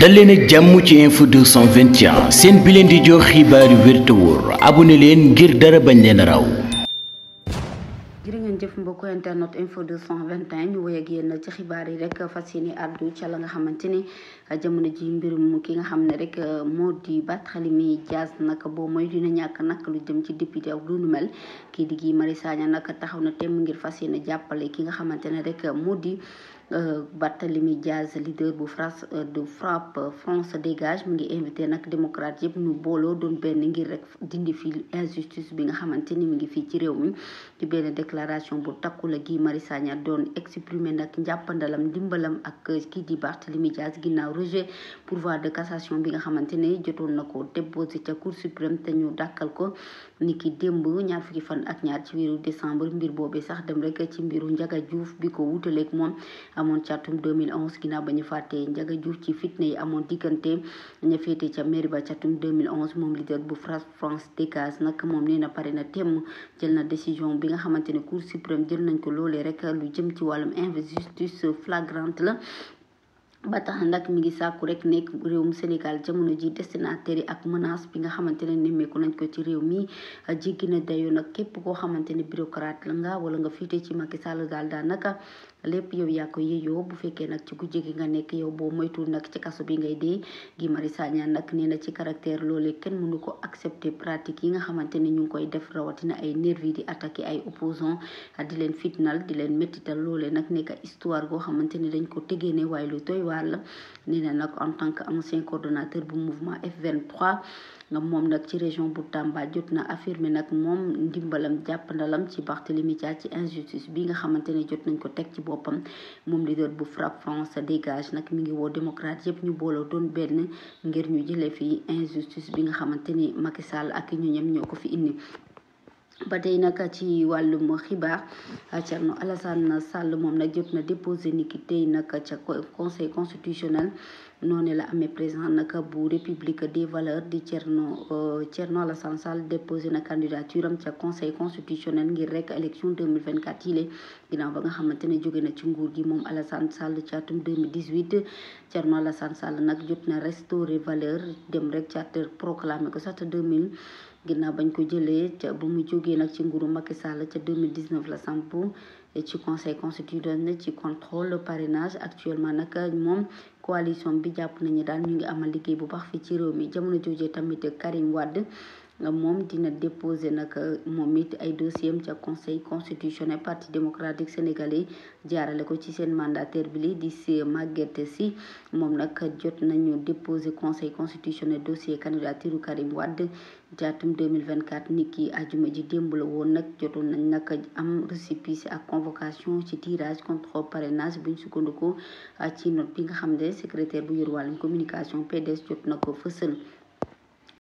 dal leen ak jàmm ci info 221 seen bi leen di jox xibaar yu wér abu wóor leen ngir dara bañ leen raw. jërë ngeen jëf mbokku internet info 221 ñu wéy ak yéen ci xibaar yi rek fas yéene àddu ca la nga xamante ni jamono ji mbirum ki nga xam ne rek uh, moo di Barthélémy Dias nag boo mooy dina ñàkk nag lu jëm ci député ak lu mel kii di Guy Marius Sagna nag taxaw na temm ngir fas yéene jàppale ki nga xamante ne rek uh, moo di. Euh, Barthélemy Diaz leader bu France euh, du FRAPP euh, France dégage mu ngi invité nag démocrate yëpp ñu booloo doon benn ngir rek dindi fii injustice bi nga xamante ni mu ngi fii ci réew mi ci benn déclaration bu takku la gi Mari Sagna doon exprimer nag njàppandalam ndimbalam ak kii di Barthélemy Diaz ginnaaw rejet pourvoi de cassation bi nga xamante ni jotoon na ko déposé ca Cour suprême te ñu dàkkal ko ni ki démb ñaar fukki fan ak ñaar ci weeru décembre mbir boobee sax dem rek ci mbiru Ndiaga Diouf bi ko wutaleeg moom amoon catum atum 2011 ginnaaw ba ñu fàttee Ndiaga ju ci fitna yi amoon diggante ña féete ca mairie ba ci atum 2011 moom leader bu France Dégage nag moom nee na pare na temm jël na décision bi nga xamante ne Cour suprême jël nañ ko loolee rek lu jëm ci wàllum injustice flagrante la ba tax nag mi ngi sàkku rek nekk réewum Sénégal jamono ji destinataire yi ak menace bi nga xamante ne nemmeeku nañ ko ci réew mi jéggi na dayoo nag képp koo xamante ne bureaucrate la nga wala nga fiite ci Macky Sall daal lépp yow yaa ko yeyoo bu fekkee nag ci guddi gi nga nekk yow boo moytuwul nag ci kaso bi ngay dee Guy Marius Sagna nag nee na ci caractère loolee kenn mënu ko accepter pratique yi nga xamante ne ñu ngi koy def rawatina ay nervi di attaqué ay opposant di leen fitnal di leen méttital loolee nag nekk histoire goo xamante ne dañ ko tegee ne waaye lu doy waar la nee na nag en tant que ancien coordonnateur bu mouvement f nga moom nag ci région bu Tamba jot na affirmer nag moom ndimbalam jàppandalam ci Barthélémy Dias ci injustice bi nga xamante ne jot nañ ko teg ci bopp boppam moom leader bu FRAPP France dégage nag mi ngi woo démocrate yëpp ñu booloo doon benn ngir ñu jëlee fii injustice bi nga xamante ni Macky ak ñu ñem ñoo ko fi indi ba tey nag ci wàllum xibaar Thierno Alassane Sall moom nag jot na déposé ni ki tey nag ca conseil constitutionnel noone la amee président nag bu république des valeur di Thierno euh, Thierno Alassane Sall déposé na candidature am ca conseil constitutionnel ngir rek élection 2024 yile ginnaaw ba nga xamante ne jóge na ci nguur gi moom Alassane Sall ci atum 2018 Thierno Alassane Sall nag jot na restaurer valeur dem rek ca te proclamé ko sax te 2000 ginnaaw bañ ko jëlee ca bu mu jógee nag ci nguuru Macky Sall ca 2019 la samp ci conseil constitutionnel ci contrôle le parrainage actuellement nag moom coalition bi jàpp nañu daan ñu ngi amal liggéey bu baax fii ci réew mi jamono jooju tamit Karim Wade moom dina déposé nag moom it ay dossier am ca conseil constitutionnel parti démocratique sénégalais jaarale ko ci seen mandataire bi lii di si màggete si moom nag jot nañu déposé conseil constitutionnel dossier candidature Karim Wade jaatum 2024 nit ki ajuma ji démb la woon nag jotoon nañ nag am récépissé ak convocation ci tirage contre parrainage buñ sukkandiku ah, ci note bi nga xam ne secrétaire bu yor wàllum communication PDS jot na ko fësal